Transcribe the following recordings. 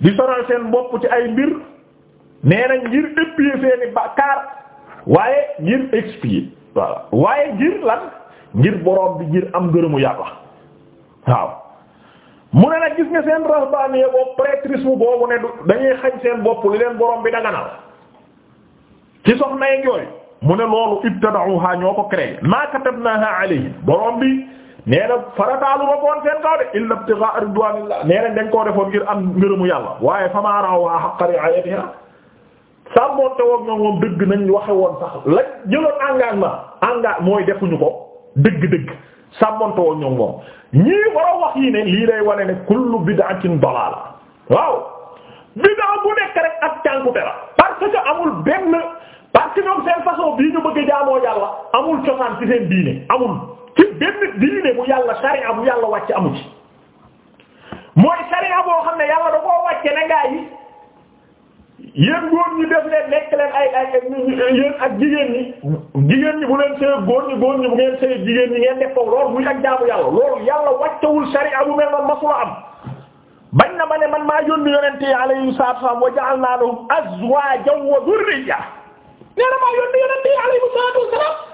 di sonal seen bopp ci ay mbir nee na ngir expier seeni bàkkaar waaye ngir expier waaye ngir lan ngir borom bi ngir am gërëmu yàlla waaw mu ne nag gis nga seen rahbaaniya boobu prêtrisme boobu ne dañuy xañ seen bopp li leen borom bi daganal ci soxna yeeg yooyu mu ne loolu ibtada'uha ñoo ko créé ma katabnaha alayhi borom bi. nee na farataalu ma koon seen kaw de illa ibtigha ridwanillah nee nañ koo defoon ngir am ngërëmu yàlla waaye famaa ra'awhaa haqqa ri'aayatihaa sàmmoon te woog ñoom dëgg nañ waxe woon sax lañ jëloon engagement engagement mooy defuñu ko dëgg-dëgg sàmmoon te ñoom ñii war a wax yi ne lii day wane ne kullu bid'atin dalaala waaw bid'a bu nekk rek ak cànkute la parce que amul benn parce ñoom seen façon bii ñu bëgg jaamoo yàlla amul cosaan ci seen diine amul benn diine bu yàlla sariya bu yàlla wàcc amu mooy sariya boo xam ne yàlla da koo wàcce ne gaa yi yéen góor ñi def leen nekk leen ay ay yéen ak jigéen ñi jigéen ñi bu leen sëy góor ñi góor ñi bu ngeen sëy jigéen ñi ngeen def foofu muy ak jaamu yàlla loolu yàlla wàccewul sariya bu mel noonu masula am bañ na ma ne man maa yónni yonente yi alayhi salaatu wassalaam wa ja'alnaa lahum wa dhurriyya nee na maa yónni yonente alayhi salaatu wassalaam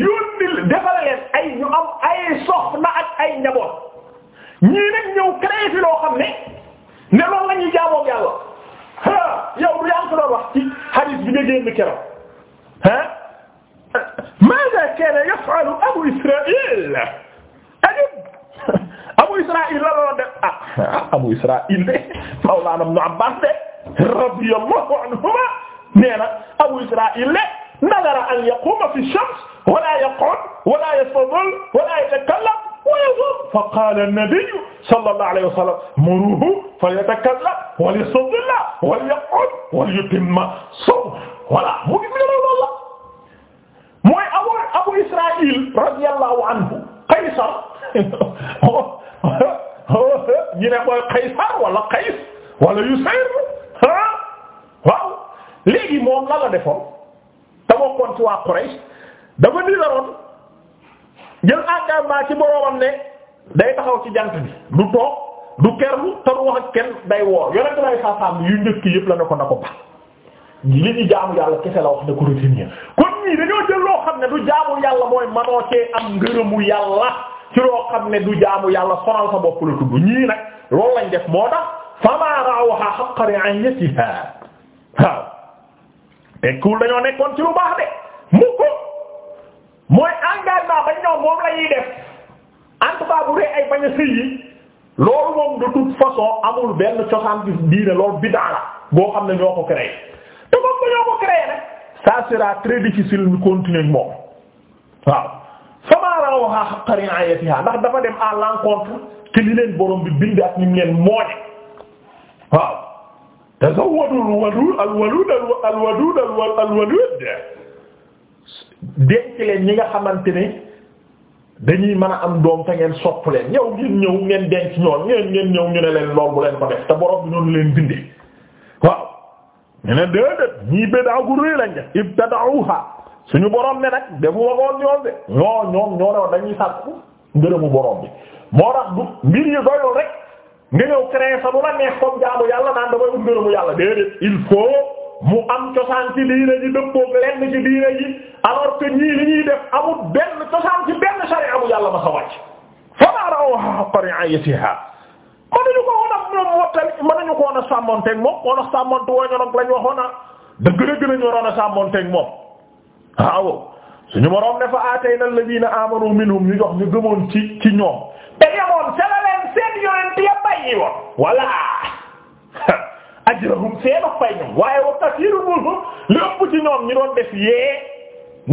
yónnil defal leen ay ñu am ay soxna ak ay njaboot ñii nag ñëw créé loo xam ne ne loolu la ñuy jaamoo yàlla ah yow yaa ngi ko doon wax ci hadith bi nga génn keroog ah. ماذا كان يفعل أبو إسرائيل أجب أبو إسرائيل la doon def ah Abu Israaïl de Mawlaana Ibn Abbaas de radiyallahu anhuma nee na Abu Israaïl de nadara an yaquma fi shams wala yaq'ud wala yastadil wala yatakallam wa yazur fa qala an-nabiy sallallahu alayhi wa sallam muruhu falyatakallam wa liyastadil wa liyaq'ud wa liyutimma sawm voilà mu ngi mel noonu la mooy abu abu israil radiyallahu anhu qaysar ñu ne mooy qaysar wala qays wala yusayr ah waaw léegi moom la la defoon te bokkoon ci waa Quraysh dafa ni daroon jël engagement ci boroomam ne day taxaw ci jant bi du toog du kerlu te du wax ak kenn day woor yonent lay saasaam yu njëkk yëpp la ne ko na ko bax li yàlla kese ñii dañoo jël loo xam ne du jaamu yàlla mooy manoo cee am ngërëmu yàlla ci loo xam ne du jaamu yàlla sonal sa bopp la tudd ñii nag loolu lañ def moo tax famaa ra'awhaa haqqa ri'aayatihaa tekkiwul dañoo nekkoon ci lu baax de mu ko mooy engagement ba ñoom moom la ñuy def en tout bu dee bañ a sëy loolu moom de toute façon amul benn cosaan gis diine loolu bid'a la boo xam ne ñoo ko créé te moom ko ñoo ko créé nag ça sera très difficile ñu continuer moom waaw famaraw a xarin ayatiha ndax dafa dem à l'encontre ci li leen borom bi bind ak ni mu leen mooñe waaw tazawwadul wadud al wadud al wadud al wadud denc leen ñi nga xamante ne dañuy mën a am doom te ngeen sopp leen yow ngeen ñëw ngeen denc ñoon ngeen ngeen ñëw ñu ne leen lool bu leen ko def te borom bi noonu leen bindee waaw ñu ne déedéet ñii bédaa gu rëy lañ def ibtada'uha suñu borom ne nag defu waxoon ñoom de ñoo ñoom ñoo ne dañuy sàkku ngërëmu borom bi moo tax mbir yi doyul rek nga ñëw créer sa lu la neex comme jaamu yàlla naan damay ut ngërëmu yàlla déedéet il faut. mu am cosaan ci diine ji dëppook lenn ci diine ji alors que ñii li ñuy benn cosaan ci benn sharia bu yàlla ma sa wàcc fama ra'awha haqqa ri'ayatiha mënuñu ko woon ak ñoom wottali mënuñu ko woon a sàmmonteeg moom woon a sàmmont woñonog lañ waxoon a dëgg-dëgg lañu waroon a sàmmonteeg moom waaw suñu boroom ne la aatayna a amanu minhum ñu jox ñu gëmoon ci ci ñoom te yemoon seen yonent ya bàyyi woon walla ajrahum seenu fay ñoom waaye wa kasiirun minhum li ëpp ci ñoom ñi doon def yee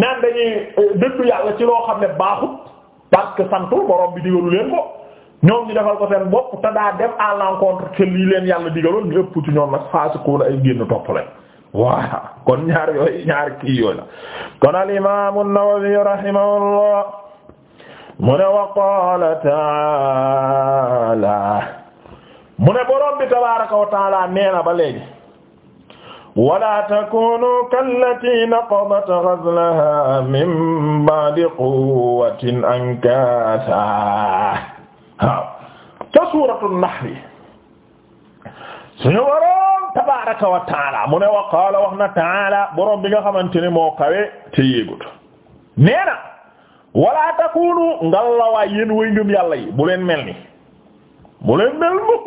naan dañuy euh, dëddu ci loo xam ne baaxut parce que santul borom bi digalu leen ko ñoom ñu defal ko seen bopp te daa dem à l'encontre que lii leen yàlla digaloon ñu ëpp ci ñoom nag faasikoona ay génn topp leen kon ñaar yooyu ñaar kii yooyu la kon al imaamu Nawawi rahimahullah mu ne wa qaala taala mu ne borom bi tabaaraka wa taala nee na ba léegi wala takunu kallati naqadat ghazlaha min ba'di quwwatin ankaasa waaw ca suuratul nahl suñu borom tabaaraka wa taala mu ne wa qaala wax na taala borom bi nga xamante ne moo kawe te yéegut nee na wala takunu ngal la waay yéen way yàlla yi bu leen mel ni bu leen mel mukk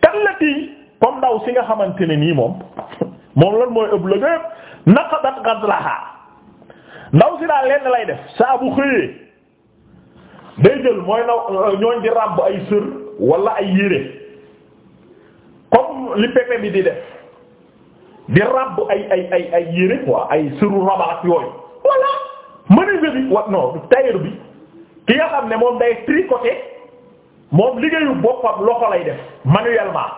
kallati comme ndaw si nga xamante ne nii moom moom lan mooy ëpp la nga naqadat ghazlaha ndaw si daal lenn lay def saa bu xëyee day jël mooy naw ñooñ di ràbb ay sër wala ay yére comme li pepe bi di def di ràbb ay ay ay yére quoi ay sëru rabaat yooyu menuisier bi wa non tailleur bi ki nga xam ne moom day tricoter moom liggéeyu boppam loxo lay def manuellement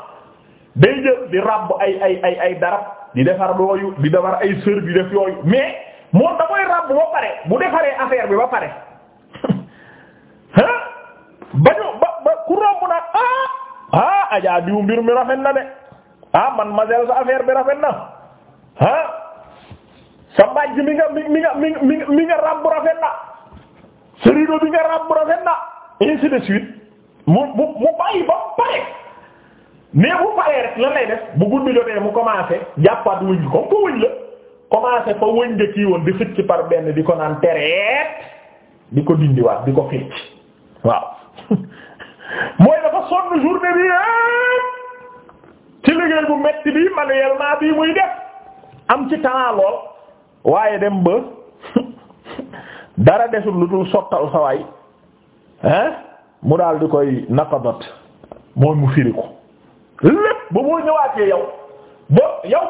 day jël di ràbb ay ay ay ay darab di defar looyu di defar ay sër di def yooyu mais moom da koy ràbb ba pare bu defaree affaire bi ba pare ah ba ñu ba ba ku romb nag ah ajaa ah, diw mbir mi rafet na de ah man ma sa affaire bi rafet na ah. sa mbàjj mi nga mi nga mi mi mi nga ràbb na sa bi nga ràbb rafet na ainsi de suite mu mu mu bàyyi ba pare mais bu paree rek lan lay def bu guddi jotee mu commencé jàppaat wëñ ko ko wëñ la commencé fa wëñ nga kii woon di par benn di ko naan tereet di ko dindiwaat di ko xëcc waaw mooy dafa sonn journée bi ci liggéey bu metti bi manuellement bii muy def am ci temps lool waaye dem ba dara desul lu dul sottal sa waay mu daal di koy naqadat mooy mu firi ko ba moo ñëwaatee yow ba yow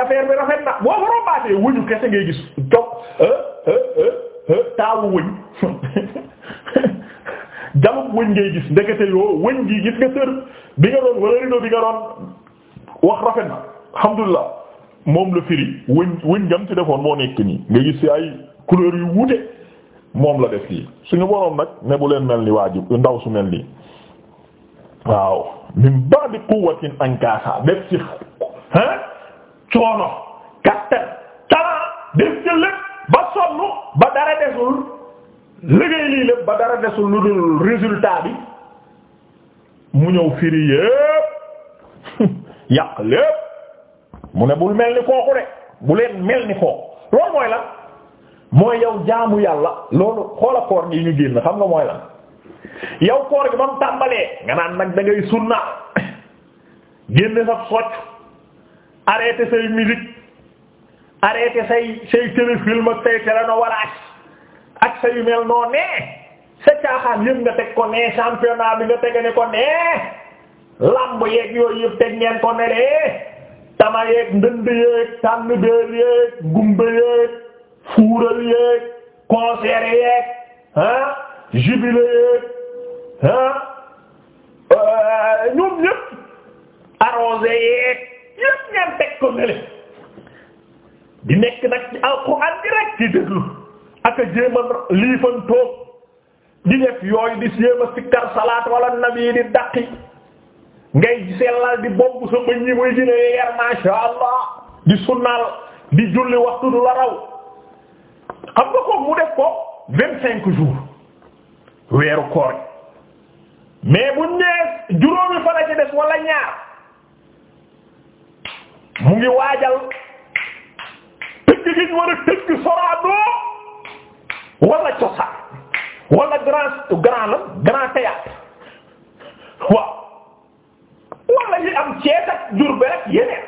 affaire bi rafet na boo ko rombaatee wëñu ngay gis toog euh, euh, euh, taawu yoo wëñ gi gis nga sër bi nga doon wala rido bi nga doon wax rafet na alhamdulillah moom la firi wëñ wëñ jam ci defoon moo nekk nii nga gis ci ay couleur yu wute moom la def lii suñu boroom nag ne bu leen mel ni waajib ndaw su mel nii waaw min ba'di quwwatin ankaasa def ci hein coono kattan talent def ci lépp ba sonn ba dara desul liggéey lii lépp ba dara desul lu dul résultat bi mu ñëw firi yépp yàq lépp mu ne bul mel ni kooku rek bu leen mel ni kooku loolu mooy lan mooy yow jaamu yàlla loolu xoola koor gi ñu génn xam nga mooy lan yow koor gi ba mu tàmbalee nga naan nag da ngay sunna génne sa socc arrêté say musique arrêté say say téléfilm ak say télénovelas ak sa yu mel noo nee sa caaxaan yëpp nga teg ko nee championnat bi nga tege ne ko nee lamb yooyu yëpp teg ngeen ko ne lee tama yeeg ndënd yeeg tànn béer yeeg gumba yeeg fuural yeeg concert yeeg ah jubilé yeeg ah ñoom ñëpp arrosé yeeg yëpp ngeen teg ko di nekk nag ci alxuraan di rek ci déglu ak a jéem a liifantoog di def yooyu di jéem a sikkar salaat wala nabi di daqi ngay sellal di bomb sa bëñ yi muy dina yeer masha allah di sunnaal di julli waxtu du la raw xam nga ko mu def ko vingt cinq jours weeru koor mais bu ñëwee juróomi fan la ci des ñaar mu ngi waajal tëgg gi ñu war a tëgg soraado wala cosaan wala grand grand la ak Diourbel ak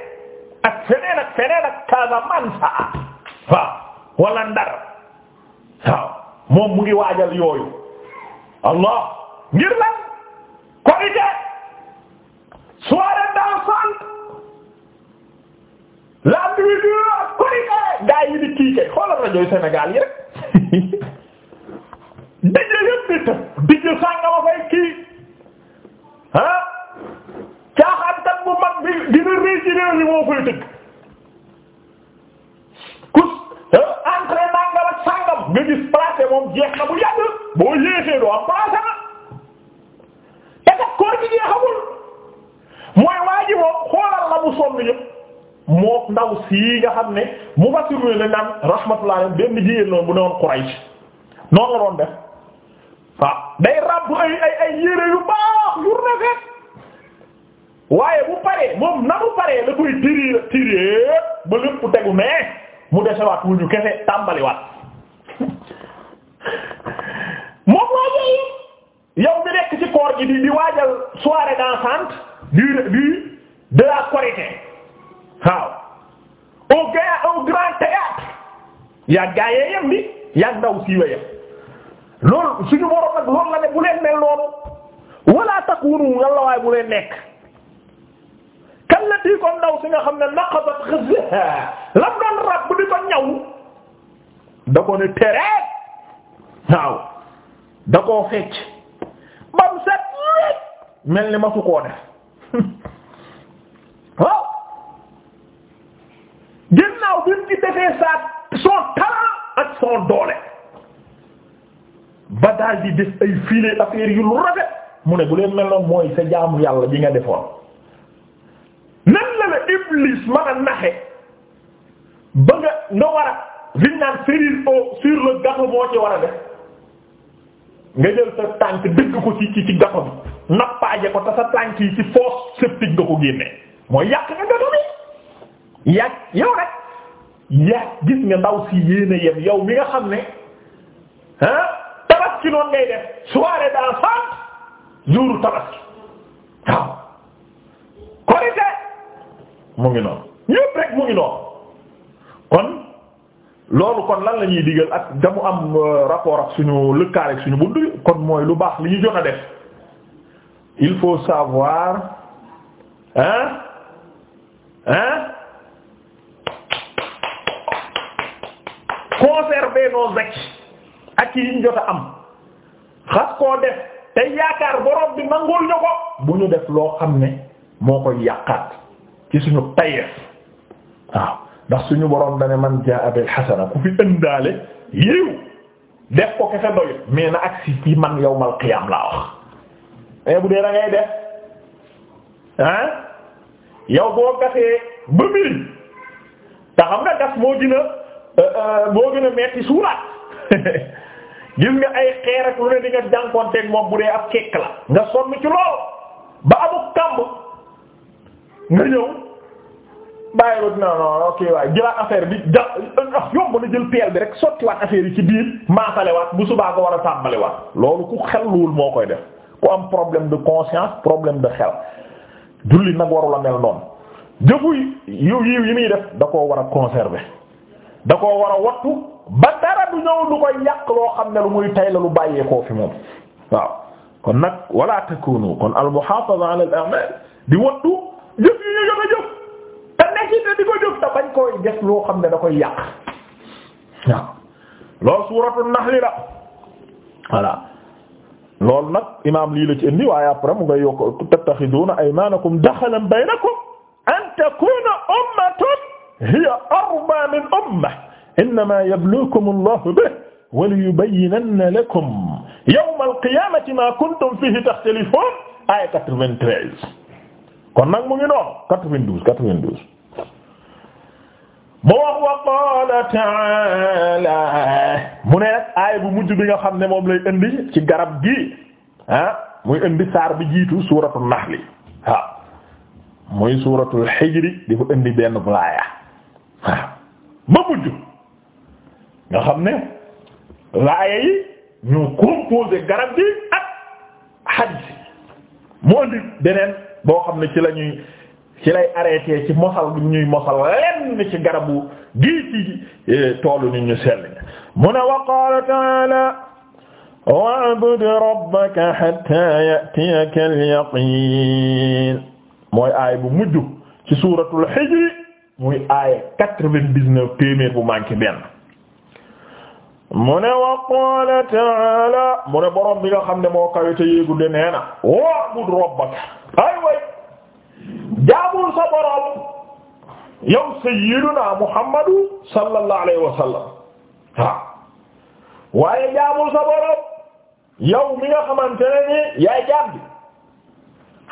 ak feneen ak feneen ak Casamance waaw Ndar waaw moom mu ngi waajal yooyu allah ngir lan Korité soirée dansante la nuit du Korité gaa yi di kii kay xoolal rajo Sénégal yi rek daje yëpp di tëb di jël sàngama fay kii ah. caaxaankat bu mag bi dina réussir ci réew mi moo koy dëgg kus euh, entraînement nga ak sangam nga gis placé moom jeex na bu yàgg boo yéexee doo am placé na te kat koor gi jeexagul mooy waa ji moom xoolal la mu sonn yëpp moo ndaw sii nga xam ne mu fassiru ne naan rahmatullah alayhi benn jigéen noonu bu ne woon Quraysh noonu la doon def day ràbb ay ay ay yu baax yu rafet waaye bu paree moom na mu paree la koy tiri tiri ba lépp tegu mais mu desewaat wu ñu kese tàmbaliwaat moom waajal yow bi nekk ci koor gi di di waajal soirée dansante du du de la Korité waaw au grand au grand yaa gaayee yem bi yaa ndaw siiwa yem loolu si borom nag loolu la ne bu leen mel noonu wala takunu nga la waay bu leen nekk. allati kon ndaw si nga xam ne naqadat ghazlaha lam doon rab di ko ñaw da ko ne tereet waaw da koo fecc bam set mel ni ma su koo def waaw ginnaaw bi mu ci defee sa son talent ak son doole ba daal di def ay fiile affaire yu lu rafet mu ne bu leen mel noonu mooy sa jaamu yàlla bi nga defoon nan la la iblis mën a naxe ba nga nga war a liñ naan cerise au sur le ci war a def nga jël sa tànk dëgg ko ci ci ci gâteau bi nappaaje ko te tànk yi ci fosse septique nga ko génne mooy yàq nga gâteau bi yàq yow rek yàq gis nga ndaw si yéene yem yow mi nga xam ne ah tabaski noonu ngay def soirée dansante jour tabaski waaw korite mu ngi noonu ñépp rek mu ngi noonu kon loolu kon lan la ñuy digal ak damu am euh, rapport ak suñu lëkkaale ak suñu bunt kon mooy lu baax li ñu jot a def il faut savoir hein hein conserver nos acquis ak yi ñu jot a am xas koo def te yaakaar borom bi nangul ñu ko bu ñu def loo xam ne moo koy yàqaat ci suñu tayeef waaw ndax suñu borom dane man jaa bil hasana ku fi ëndaale yiw def ko kese doyut mais na agsi ci man yawmal qiyaam laa wax mais bu dee da ngay def ah yow boo gasee ba miri te nga gas moo gën a euh, euh, moo gën a metti suuraat gis nga ay xeer lu ne di nga bu dee ab kekk la nga sonn ci lool ba amuk kàmb nga ñëw bàyyi ba dina non ok waaye jëlaat affaire bi ja yomb na jël peel bi rek sottiwaat affaire yi ci biir maasalewaat bu subaa ko war a sàmbaliwaat loolu ku xelluwul moo koy def ku am problème de conscience problème de xel julli nag warula mel noonu jëfu yiw yiw yi muy def da koo war a conserver da koo war a wattu ba dara du ñëw du koy yàq loo xam ne lu muy tay la lu bàyyeekoo fi moom waaw kon nag wala takunu kon al muhafaza di wattu jëf yi ñu jot a jëf te nekk it di ko jëf te bañ koy def loo xam ne da koy yàq waaw loolu suuratu naxli la voilà loolu nag imaam lii la ci indi waaye après mu ngay yokk tattaxiduuna aymaanakum daxalan baynakum an takuuna ummatun hiya arbaa min umma innamaa yabluukum allahu bihi wa liyubayyinanna lakum yawmal qiyaamati maa kuntum fiihi taxtalifuun aaya 93 kon nag mu ngi noonu 92 mu wax wa mu ne aaya bu mujj bi nga xam ne moom lay indi ci garab gi ah muy indi saar bi jiitu suuratul naxli waaw muy suuratul xijri di fa indi benn laaya ba mujj nga xam ne laaya yi ñu composé garab gi ak mu indi beneen. boo xam ne ci la ñuy ci lay arrêté ci mosal gi ñuy mosal lenn ci garabu gii ci e, toolu nit ñu sell mu ne wa qaala ta'aala wa'bud rabbaka hatta ya'tiyaka al-yaqiin mooy aay bu mujj ci suuratul Hijr muy aaya quatre-vingt-dix-neuf téeméer bu manqué benn mu ne wa qaala taala mu ne borom bi nga xam ne moo kawe te yéegu de nee na wa'bud rabbaka ay way jaabul sa borom yow sayyiduna muhammadu sallallahu alayhi wa sallam waaw waaye jaabul sa borom yow mi nga xamante ne ni yaay jaab bi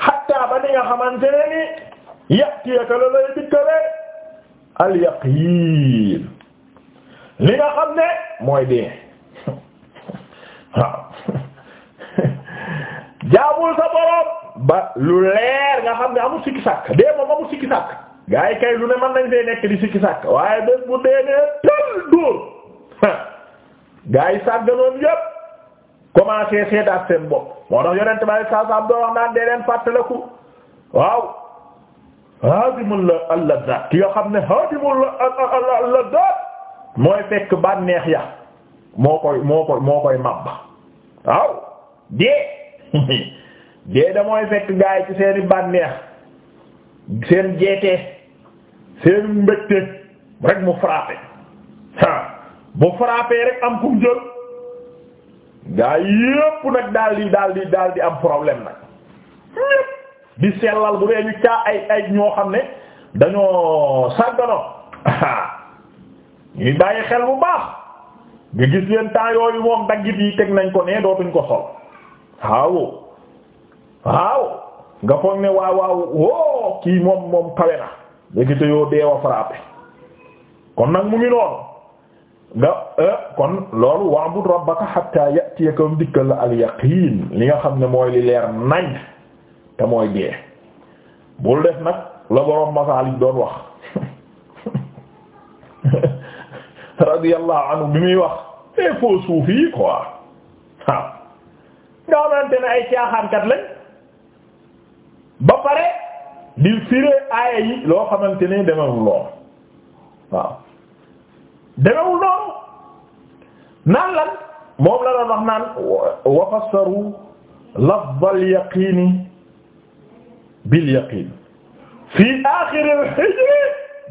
hatta ba ni nga xamante ne ni ya'tiyaka la lay dikkale al yaqiin li nga xam ne mooy dee waaw jaabul sa ba lu leer nga xam ne amul sikki sàkk dee moom amul sikki sàkk gaa yi kay lu ne mën nañ fee nekk di sikki sàkk waaye bés bu dee nee tël dóor gaa yi sàgganoon yépp commencé seetaat seen bopp moo tax yonent baay saa saa doo wax naan dee leen fàttaliku waaw haadimul la al-laddaat ki nga xam ne haadimul la al-laddaat mooy fekk bànneex ya moo koy moo koy moo màbb waaw dee dee da fekk gaa yi ci seeni bànneex seen jeete seen mbëgte rek mu frappé bu frappé rek am kum jël gaa yépp nag daal di daal di am problème nag di sellal bu dee ñu caa ay ay ñoo xam ne dañoo sàgganoo ñuy bàyyi xel bu baax nga gis leen temps yooyu moom daggit yi teg nañ ko ne dootuñ ko sol waaw waaw nga foog ne waaw waaw woo kii moom moom kawe na léegi yoo deewa frappé kon nag mu ngi noonu nga euh, kon loolu wa'bud rabbaka hatta ya'tiyaka dikkal la al li nga xam ne mooy li leer nañ te mooy dee bul def nag la boroom masaalik doon wax radiyallahu anhu bi muy wax il eh, faut suufi yi quoi waaw nga xamante ne ay caaxaankat lañ ba pare di firé aaya yi loo xamante ne demewul lool waaw demewul lool naan lan moom la doon wax naan wa fassaru lafdal yaqiini bil yaqiin fi aaxiril hijri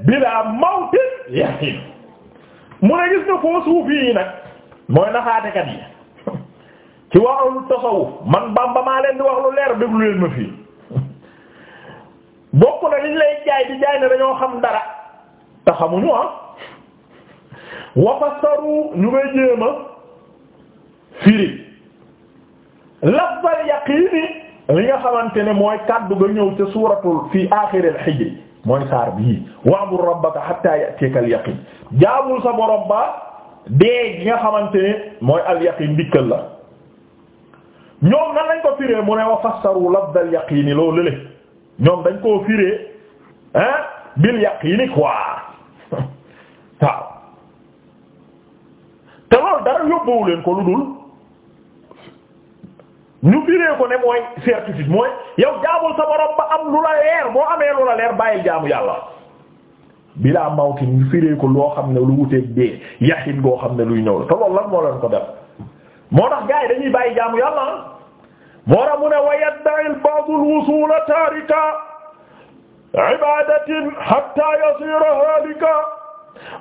bilaa mawtin yaqiin mu ne gis nga foo suufi yi nag mooy naxaatekat yi ci waxul tasawuf man Bamba maa leen di wax lu leer déglu leen ma fii bokk na liñ lay jaay di jaay ne dañoo xam dara te xamuñu ah wafasaru ñu ngay jéema firi lafzal yaqiini li nga xamante ne mooy kàddu ga ñëw ca suuratul fi aaxiril hijr mooy saar bii wa'bud rabbaka hatta ya'tiyakal yaqin jaabul sa borom dee gi nga xamante ne mooy al yaqin dikkal la ñoom nan lañ ko firee mu ne wa fassaru lafdal yaqini loolu lële ñoom dañ koo firee ah bil yaqini quoi waaw te loolu dara yóbbuwu leen ko lu dul ñu firee ko ne mooy certitude mooy yow jaamul sa borom ba am lu la leer boo amee lu la leer bàyyi jaamu yàlla bilaa mawtin ñu firee ko loo xam ne lu wuteeg dee yaxin goo xam ne luy ñëw la te loolu lan ko def moo tax gars yi dañuy bàyyi jaamu yàlla ah. moo tax mu ne wa yadda'i al-ba'du al-wusula tarika ibadatin hatta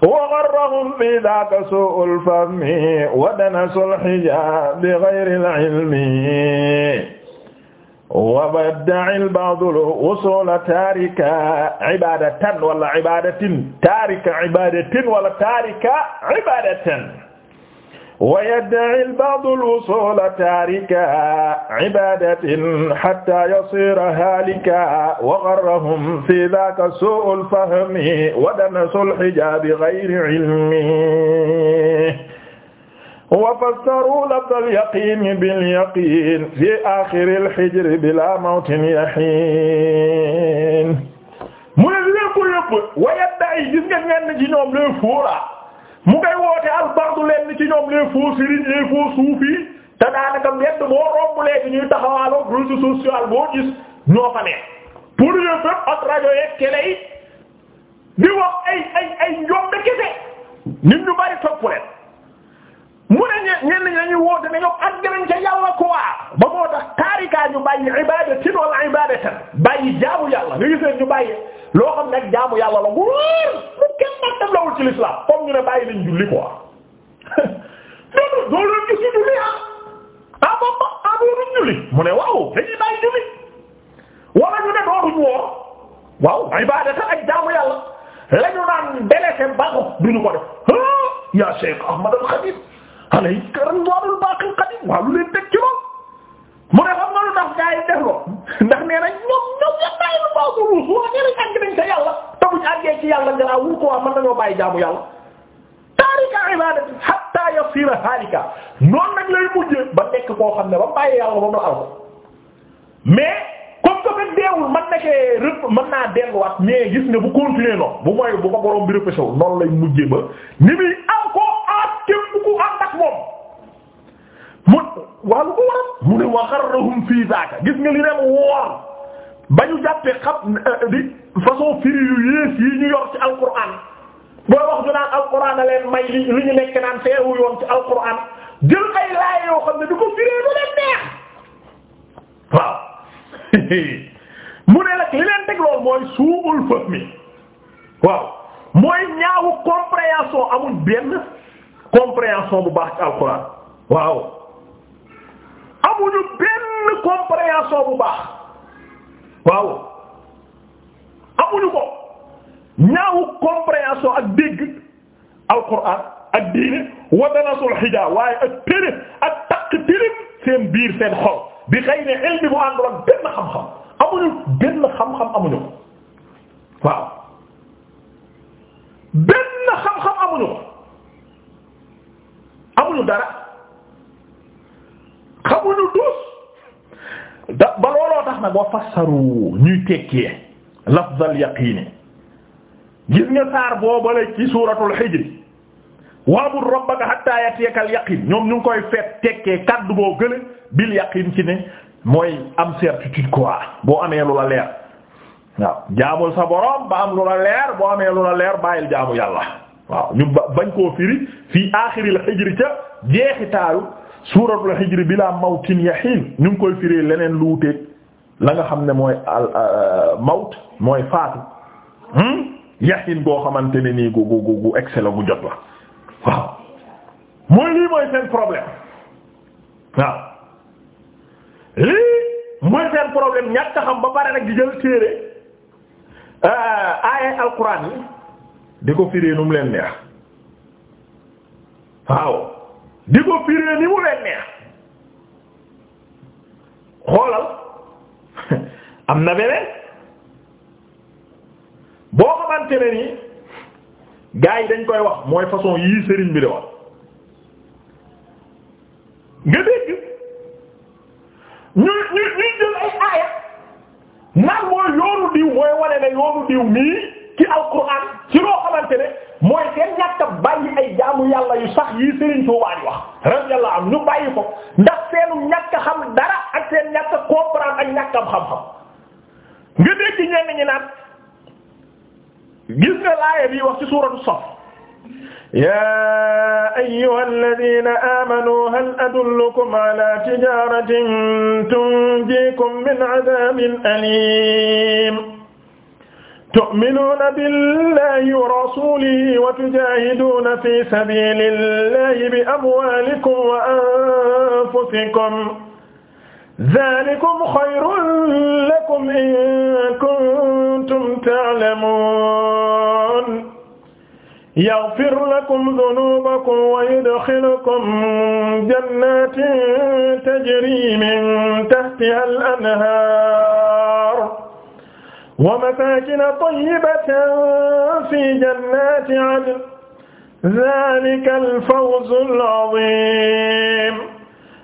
wa gharrahum fii daaka su'ul fahmi wa danasul hijaab bi ghayril ilmi wa badda'il ba'dul usula taarika ibaadatan wala ibaadatin taarika ibaadatin wala taarika ibaadatan wa yadda'i al-ba'du al-wusula tarika ibadatin hatta yasira halika wa gharrahum fi dhaka su'u al-fahmi wa danasu al-hijabi ghayri ilmi wa fassaru lafza al-yaqini bil-yaqin fi akhiri al-hijri bila mawtin yahin mu ne lépp lépp wa yadda'i gis nga ñenn ci ñoom lay fóora mu ngay woote al bardu leen ci ñoom les faux sëriñ les faux soufi te daanaka mbedd boo romb léegi ñuy taxawaaloo réseau social boo gis ñoo fa ne pour ñu ak rajo yeeg yi di wax ay ay ay njombe kese nit ñu bari topp leen mu ne ñenn ñi dañuy woote ne ñoom ak gënañ ca yàlla ko waa ba moo tax kaarikaa ñu bàyyi ibadatin wala ibadatan bàyyi jaamu yàlla nga giseen ñu bàyyi loo xam ne jaamu yàlla la bu wóor bu kenn ne bàyyi lañ julli quoi loolu doo leen gis ñu julli ah ah moom ah, julli mu ne waaw dañuy bàyyi julli wala ñu ne dootuñ woor waaw ibadata ak jaamu yàlla lañu naan délaissé baaxul duñu ko def ah yaa Cheikh Ahmad al Khadim alayhi karam wa al baqi al Qadim waaw lu leen teg ci mu ne xam nga lu tax def ko ndax nee nañ ñoom ñoom ñoom bàyyi lu baaxul wu su waxee rek àgg nañ ca yàlla te àggee ci yàlla gannaaw wu ko waa mën nañoo bàyyi jaamu yàlla. taarika ibadati hatta yasira halika noonu nag lay mujjee ba nekk koo xam ne ba bàyyi yàlla ba mu àll mais comme que ba deewul man nekkee rëpp mën naa delluwaat mais gis nga bu continuer noonu bu mooy bu ko borom bi rëppee noonu lay mujjee ba ni muy waaw lu ko waral mu ne wa fii zaaka gis nga li dem woor ba ñu jàppee xam euh, di façon firi yu yées yi ñu yor ci alquran booy wax ñu naan alquran a leen may li ñu nekk naan teewu yoon ci alquran jël ay laay yoo xam ne du ko firee lu leen neex waaw mu ne nag li leen teg lool mooy suu'ul fahmi waaw mooy ñaawu compréhension amul benn compréhension bu baax ci alquran waaw. amuñu benn compréhension bu baax waaw amuñu ko ñaawu compréhension ak dégg alquran ak diine wadanasul xija waaye ak tëre ak takk tilim seen biir seen xol bi xëy ne ilmi bu àndul ak benn xam-xam amuñu benn xam-xam amuñu ko waaw benn xam-xam amuñu ko amuñu dara tax nag wa fassaru ñuy tekkee lafzal yaqiini gis nga saar boobale ci suuratul Hijr wa'bud rabbaka hattaa ya'tiyakal yaqiin ñoom ñu ngi koy feet tekkee kaddu boo gële bil yaqiin ci ne mooy am certitude quoi boo amee lu la leer waaw jaamul sa borom ba am lu la leer boo amee lu la leer bàyyil jaamu yàlla waaw ñu bañ koo firi fii aaxiril Hijr ca jeexitaalu suuratul Hijr bilaa mawtin yahiin ñu ngi koy firi leneen lu wuteek la nga xam ne mooy al euh, mooy faatu hmm? yaxin boo xamante ne nii gu gu gu excellent gu jot la waaw mooy lii mooy seen problème waaw lii mooy seen problème ñàkk a xam ba pare rek di jël téere euh, aaya alquran yi di ko firee nu mu leen neex waaw di ko firee ni mu leen neex xoolal. am na beneen boo xamante ne ni gaa yi dañ koy wax mooy façon yii sëriñ bi di wax nga dégg ñu ñu ñuy jël ay aaya naan mooy yoonu diw mooy wane ne yoonu diw mii ci alquran ci loo xamante ne mooy seen ñàkk a ay jaamu yàlla yu sax yii sëriñ Tuubaa di wax radiyallahu am ñu bàyyi ko ndax seenu ñàkk xam dara ak seen ñàkk a ak ñàkkam xam-xam nga dégg ñenn ñi naan gis nga laaya bi wax ci suuratu Saf yaa ayyuhal ladiina aamanuu hal adullukum alaa tijaaratin tunjiikum min adaabin aliim tu'minuuna billaahi wa rasuulihi wa tujaahiduuna fii sabiilillaahi bi amwaalikum wa anfusikum zaalikuma xayrun lakum in kuntum ta'lamun yaghfir lakum dhunubakum wa yudkhilukum jannatin tajri min tahtiha al-anhar wa masakina tayyibatan fi jannati 'adn dhalika al-fawzu al-'azim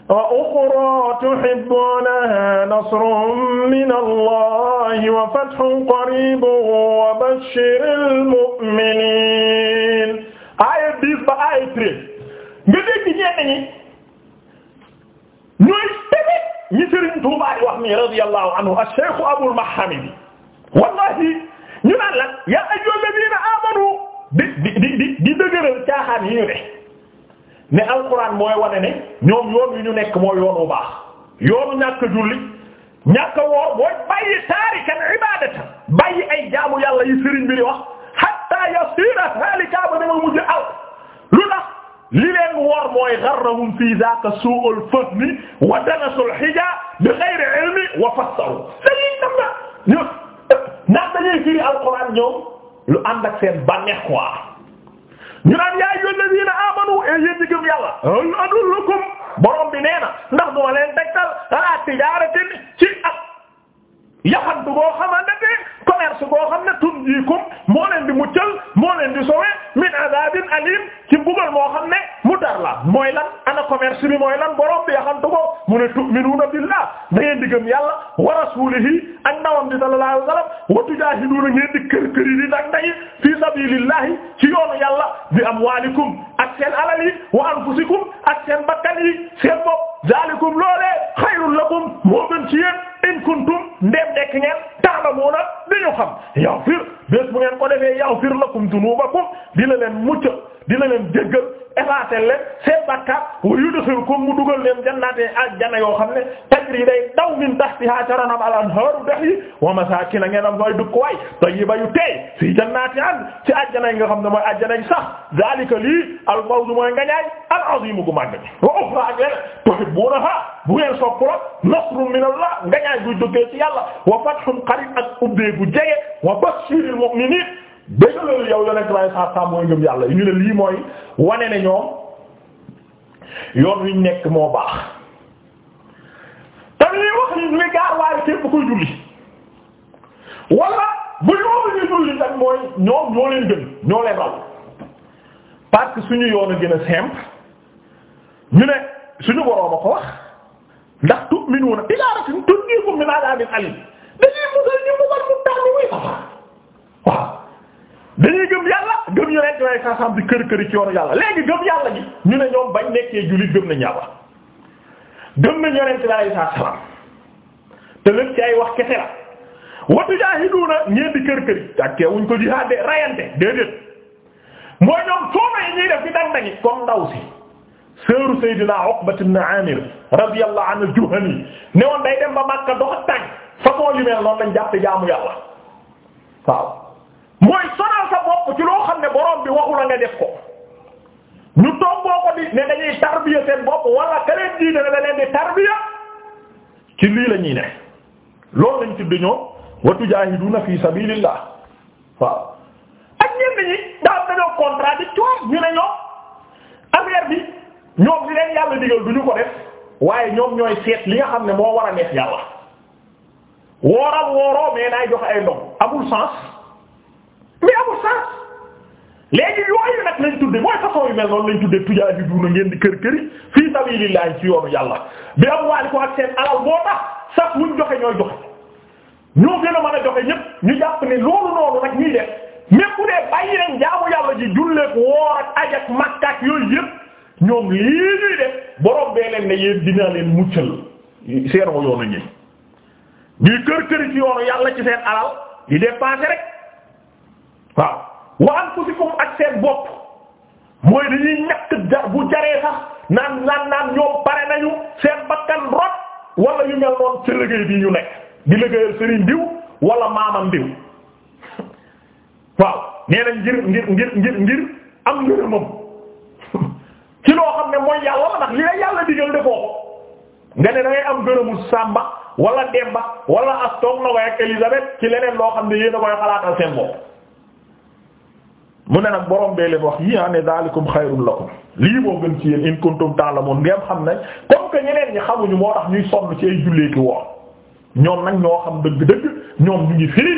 wa uxraa tuhibbuunahaa nasrun mina Allaahi wa fathun qariibun wa bashshiril mu'miniin. aaya dix ba aaya treize nga dégg ñenn ñi ñooy tëbi ñi Sëriñ Tuubaa di wax ni radiyallaahu anhu as-Shaykh Abul Mahamid wallaahi ñu naan la yaa ayyuhallaziina aamanuu di di di di dëgëral caaxaan yi ñu ne ne alquran mooy wane ne yoon yu ñu nekk mooy yoon wu baax yoonu julli ñàkk woor mooy bàyyi taarikan ibadata bàyyi ay jaamu yàlla yi wax hatta yasira halika ba dama mujj aw lu tax li leen fi zaka su'ul fahmi wa danasul hija bi ghayri ilmi wa fassaru dañuy tam na ño alquran ñoom lu ànd ak seen bànneex ñu naan yaa ayyuhal lazina amanu e yéen adullukum borom bi nee ndax duma leen degtal ala tijaaratin ci ak yaxantu boo xamante ne commerce boo xam ne tunjiikum moo leen di muccal moo leen di sowe min azabin alim ci mbugal moo xam ne mu dar la mooy lan ana commerce bi mooy lan borom bi yaxantu ko mu ne tu'minuuna billah da ngeen di gëm yàlla wa rasuulihi ak ndawam di sallallahu alayhi wa sallam ngeen di kër kër yi di nag ndayi fi sabilillahi bi amwaalikum ak seen alal yi wa anfusikum ak seen bakkan yi seen bopp zaalikum loolee xayrun lakum moo gën ci yéen in kuntum ndéem nekk ngeen ta'lamuuna dañu xam yaghfir bés bu ngeen ko defee yaghfir lakum dunuubakum dina leen mucc dina leen jéggal effacer leen seen bakkaat wa yudxilkum mu dugal leen jannaate aljanna yoo xam ne tajri day daw min tahtiha taranam al anhaaru dex yi wa masaakin ngeen am mooy dëkkuwaay tayyiba yu teey fii jannaati an ci aljanna yi nga xam ne mooy aljanna yi sax zalika lii al fawzu mooy ngañaay al azimu gu màgg wa ukhra ak leen tuhibbunaha bu ngeen sopp la nasrun min allah ngañaay guy duggee ci yàlla wa fathun qarib ak ubbee bu jege wa bashiril mu'minin déggalal yow yonent bi saa saa mooy ngëm yàlla ñu ne lii mooy wane ne ñoom yoon wi nekk moo baax. te li wax ni li gaar waaye képp koy julli wala bu ñoo ñu julli nag mooy ñoom ñoo leen gën ñoo leen raw parce que suñu yoon a gën a simple ñu ne suñu boroom a ko wax ndax tu'minuuna bi ijaaratin tunjiikum min adaabin aliim dañuy musal ñu mu war mu tax ni muy safara dañuy gëm yàlla gëm yonent bi saa saam di kër këri ci yoonu yàlla léegi gëm yàlla gi ñu ne ñoom bañ nekkee jullit gëm nañ yàlla gëm nañ yonent bi saa saam te lépp ci ay wax kese la watu jaahiduuna ñeen di kër këri tàkkee wuñ ko jihaad de rayante déedéet mooy ñoom coono yi ñuy def ci dandangi comme ndaw si seeru Seydina Uqbat ibn Amir radiyallahu anhu al-Juhani ne woon day dem ba Makka dox tànk façon li mel noonu lañ jàpp jaamu yàlla waaw mooy sonal bopp ci loo xam ne borom bi waxu la def ko ñu tomboo ko di ne dañuy tarbiya seen bopp wala keneen diine ne da leen di tarbiya ci lii la ñuy ne loolu lañ tudd ñoom wa tujaahiduna fi sabilillah waaw ak ñenn ñi daaw dañoo contradictoire ñu ne ñoom affaire bi ñoom li leen yàlla di du ñu ko def waaye ñoom ñooy seet li nga xam ne moo war a neex yàlla wooral wooroo mais naay joxe ay ndox amul sens. amul sens léegi yooyu nag lañ tudde mooy façon yu mel noonu lañ tudde tujaay bi ngeen di kër këri fii sabilillahi ci yoonu yàlla bi am waali ko ak seen alal moo tax sax luñ joxe ñooy joxe ñoo gën a mën a joxe ñépp ñu ne loolu noonu nag ñuy def mais ku dee bàyyi nañ jaamu yàlla ji julleek woor ak aj ak ñoom lii ñuy def borom bee leen ne yéen dinaa leen muccal seen yoonu ñi ñuy kër këri ci yoonu yàlla ci seen alal di dépenser rek waaw wa anfusikum ak seen bopp mooy dañuy ñàkk jar bu jaree sax naan naan naan ñoom pare nañu seen bakkan rot wala yu mel noonu ci liggéey bi ñu nekk di liggéeyal sëriñ diw wala maamam diw waaw nee na ngir ngir ngir ngir ngir am ngërëmam ci loo xam ne mooy yàlla la ndax li la yàlla digal defoo ko nga ne da ngay am ngërëmu sàmba wala Demba wala Aston na way ak Elisabeth ci leneen loo xam ne yéen na koy xalaatal seen bopp. mu ne nag borom bee leen wax yi ah ne daalikum xayrun lakum lii moo gën ci yéen in kuntum ta'lamun ngeen xam ne comme que ñeneen ñi xamuñu moo tax ñuy sonn ci ay jullee woon ñoom nag ñoo xam dëgg-dëgg ñoom ñu ngi firi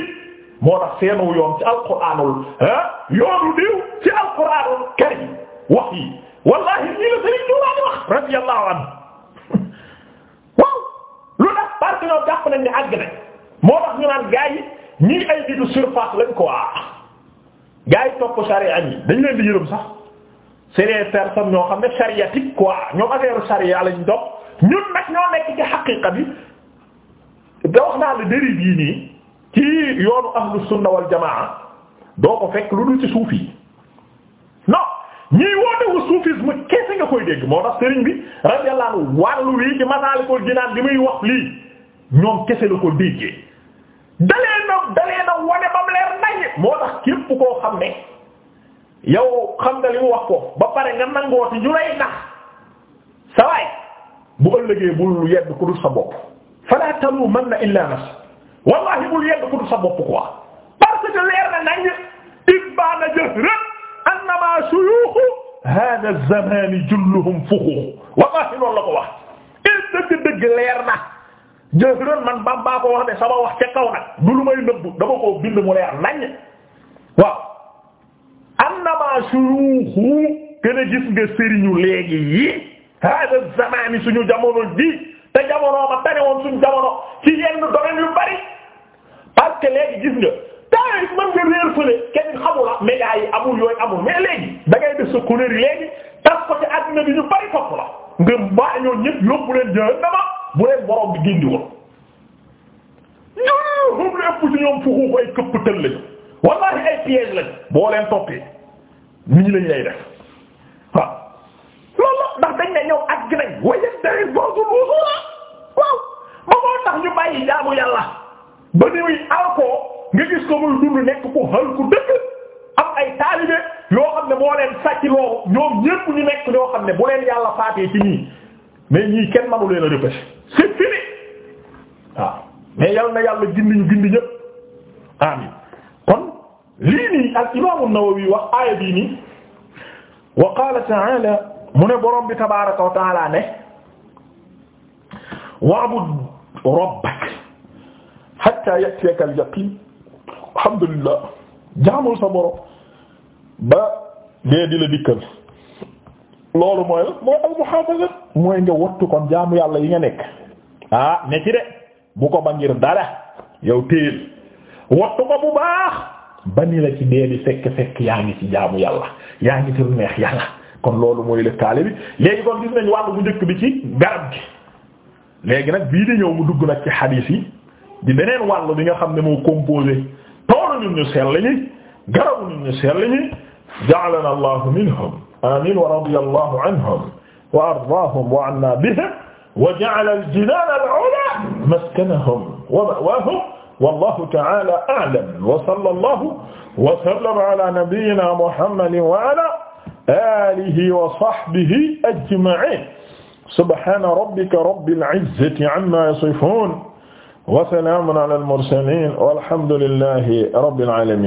moo tax seenu yoon ci alquranul ah yoonu diw ci alquranul karim wax yi wallahi ñii la Serigne Touba di wax radiyallahu anhu waaw lu tax parce que ñoom nañ ne àgg nañ moo tax ñu naan gaa yi ñii ay diggu surface lañ quoi. gars yi topp charia yi dañ leen di yërëm sax c'est des personnes ñoo xam ne chariatique quoi ñoom affaire charia lañ dox ñun nag ñoo nekk ci xaqiqa bi da wax naa la dérive yi nii ci yoonu ahlu sunna wal jamaa doo ko fekk lu dul ci suufi yi non ñiy woote wu soufisme kese nga koy dégg moo tax sëriñ bi radiyallahu anhu wàllu lii ci Masaalikul Jinaan bi muy wax lii ñoom kese la ko déggee dalee na dalee na wane moo tax képp koo xam ne yow xam nga li wax ko ba pare nga nangooti ñu lay nax sa waay bu ëllëgee bul yedd ku dul sa bopp fala talumanna illa nafs wallahi bul yedd ku dul sa bopp quoi parce que leer na nañ ibbaana jahran annama shuyukh hada az-zaman julluhum fukhuh wallahi loolu la ko wax dëgg dëgg leer na jëfëran man Bamba ko wax ne sama wax ca kaw nag du lu may nëbbu dama koo bind mu waaw am na maa suyuuxu a gis nga sëriñu léegi yi hada zamani suñu jamono ji te jamono ma tane woon suñu jamono ci yenn domaine yu bari parce que léegi gis nga taay man nga réer fële kenn xamula mais gaa yi amul yooyu amul mais léegi da ngay def sa kuréel léegi tas ko ci bi ñu bari topp la nga mbaa ñoo ñëpp yóbbu leen jëndama. bu leen borom bi gindi woon ñoom moom la ëpp ci ñoom fuxuuxu ay këpp tël lañu wallahi ay piège lañu boo leen toppee nii lañ lay def waaw loolu ndax dañ ne ñëw ak gi nañ wayen dari bordu luusula waaw ba moo tax ñu bàyyi jaamu yàlla ba ni muy alkoo nga gis ko muy dund nekk ku hal ku dëkk am ay taalibe yoo xam ne boo leen sàcc loolu ñoom ñépp ñu nekk yoo xam ne bu leen yàlla faatee ci nii mais ñii kenn manu leen a repêché yal na yàlla gindi ñu gindi ñëpp amin kon al imam an-Nawawi wax aaya bii nii wa ta'ala mu ne borom bi tabaraka wa taala ne wa'bud rabbaka hatta ya'tiyaka al-yaqin alhamdulillah jaamul sa borom ba dee di la loolu mooy la mooy al muhafaza mooy nga wattu kon jaamu yàlla yi nga nekk ah ne de bu ko ba ngir dara yow téel wattu ko bu baax ba ni la ci dee di fekk fekk yaa ngi ci jaamu yàlla yaa ngi ci lu neex yàlla kon loolu mooy lëkkaale bi léegi bu njëkk bi ci garab léegi nag bii di ñëw mu dugg nag ci xadiis yi di beneen wàll bi nga xam ne moo composé toolu ñun ñu sell ñi garabu ñun ñu sell ñi ja'alana allahu minhum amin wa radiyallahu anhum wa ardaahum wa anna bihim wa ja'ala al-jinaan al-'ulaa maskanahum wa ma'waahum wallahu ta'ala a'lam wa sallallahu wa sallama ala nabiyyina muhammadin wa ala alihi wa sahbihi ajma'iin subhaana rabbika rabbil 'izzati 'ammaa yasifuun wa salaamun ala al-mursaliin walhamdu lillahi rabbil 'aalamiin